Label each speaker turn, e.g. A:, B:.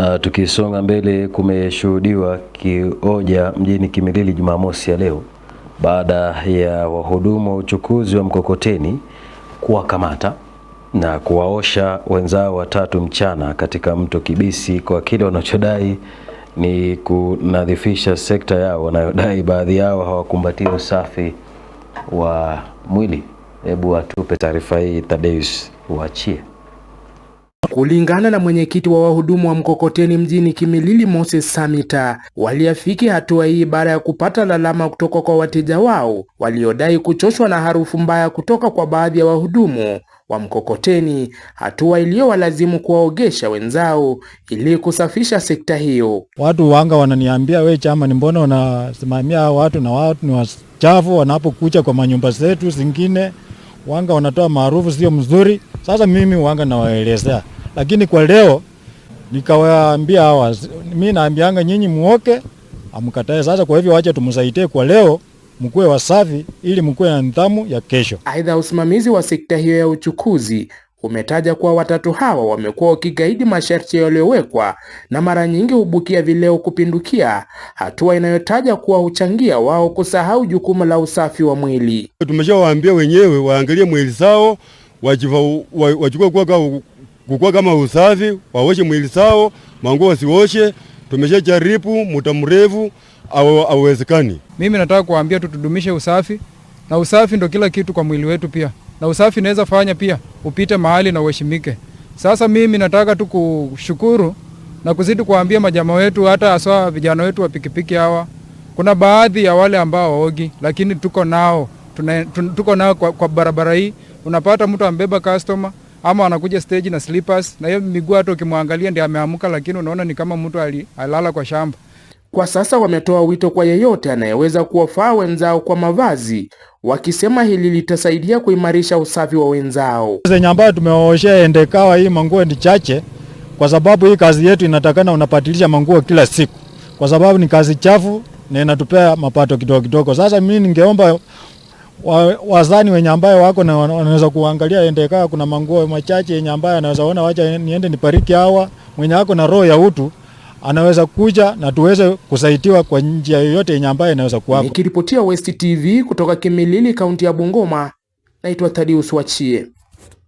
A: Na tukisonga mbele, kumeshuhudiwa kioja mjini Kimilili Jumamosi ya leo baada ya wahudumu wa uchukuzi wa mkokoteni kuwakamata na kuwaosha wenzao watatu mchana katika mto Kibisi kwa kile wanachodai ni kunadhifisha sekta yao wanayodai baadhi yao hawakumbatia usafi wa mwili. Hebu atupe taarifa hii Thaddeus Uachie.
B: Kulingana na mwenyekiti wa wahudumu wa mkokoteni mjini Kimilili, Moses Samita, waliafiki hatua hii baada ya kupata lalama kutoka kwa wateja wao waliodai kuchoshwa na harufu mbaya kutoka kwa baadhi ya wahudumu wa mkokoteni, hatua iliyowalazimu kuwaogesha wenzao ili kusafisha sekta hiyo.
C: Watu wanga wananiambia, we chama, ni mbona unasimamia watu na watu ni wachafu wanapokuja kwa manyumba zetu zingine, wanga wanatoa maarufu sio mzuri sasa mimi wanga nawaelezea, lakini kwa leo nikawaambia hawa, mimi naambianga nyinyi muoke amkatae. Sasa kwa hivyo wacha tumsaidie kwa leo, mkuwe wasafi ili mkuwe na nidhamu ya kesho.
B: Aidha, usimamizi wa sekta hiyo ya uchukuzi umetaja kuwa watatu hawa wamekuwa wakigaidi masharti yaliyowekwa na mara nyingi hubukia vileo kupindukia, hatua inayotaja kuwa huchangia wao kusahau jukumu la usafi wa mwili.
C: Tumeshawaambia wenyewe waangalie mwili zao wachukue kukua kama usafi, waoshe mwili sao, manguo wasioshe. Tumesha jaribu muda mrefu, hauwezekani.
D: Mimi nataka kuambia tu tudumishe usafi, na usafi ndo kila kitu kwa mwili wetu pia, na usafi naweza fanya pia upite mahali na uheshimike. Sasa mimi nataka tu kushukuru na kuzidi kuambia majama wetu, hata aswa vijana wetu wa pikipiki hawa. Kuna baadhi ya wale ambao waogi, lakini tuko nao, tuna, tuko nao kwa, kwa barabara hii. Unapata mtu ambeba customer ama anakuja stage na slippers na hiyo miguu hata ukimwangalia ndio ameamka, lakini unaona ni kama mtu alilala kwa shamba.
B: Kwa sasa wametoa wito kwa yeyote anayeweza kuwafaa wenzao kwa mavazi, wakisema hili litasaidia kuimarisha usafi wa wenzao.
C: Zenye ambayo tumewaoshea endekawa hii manguo ni chache, kwa sababu hii kazi yetu inatakana unapatilisha manguo kila siku, kwa sababu ni kazi chafu na inatupea mapato kidogo kidogo. Sasa mimi ningeomba wazani wenye ambayo wako na wanaweza kuangalia, kaa kuna manguo machache yenye ambayo anaweza ona, wacha niende nipariki hawa. Mwenye ako na roho ya utu anaweza kuja na tuweze kusaidiwa kwa njia yoyote yenye ambayo inaweza kuwapo.
B: Nikiripotia West TV kutoka Kimilili, kaunti ya Bungoma, naitwa Thadius Wachie.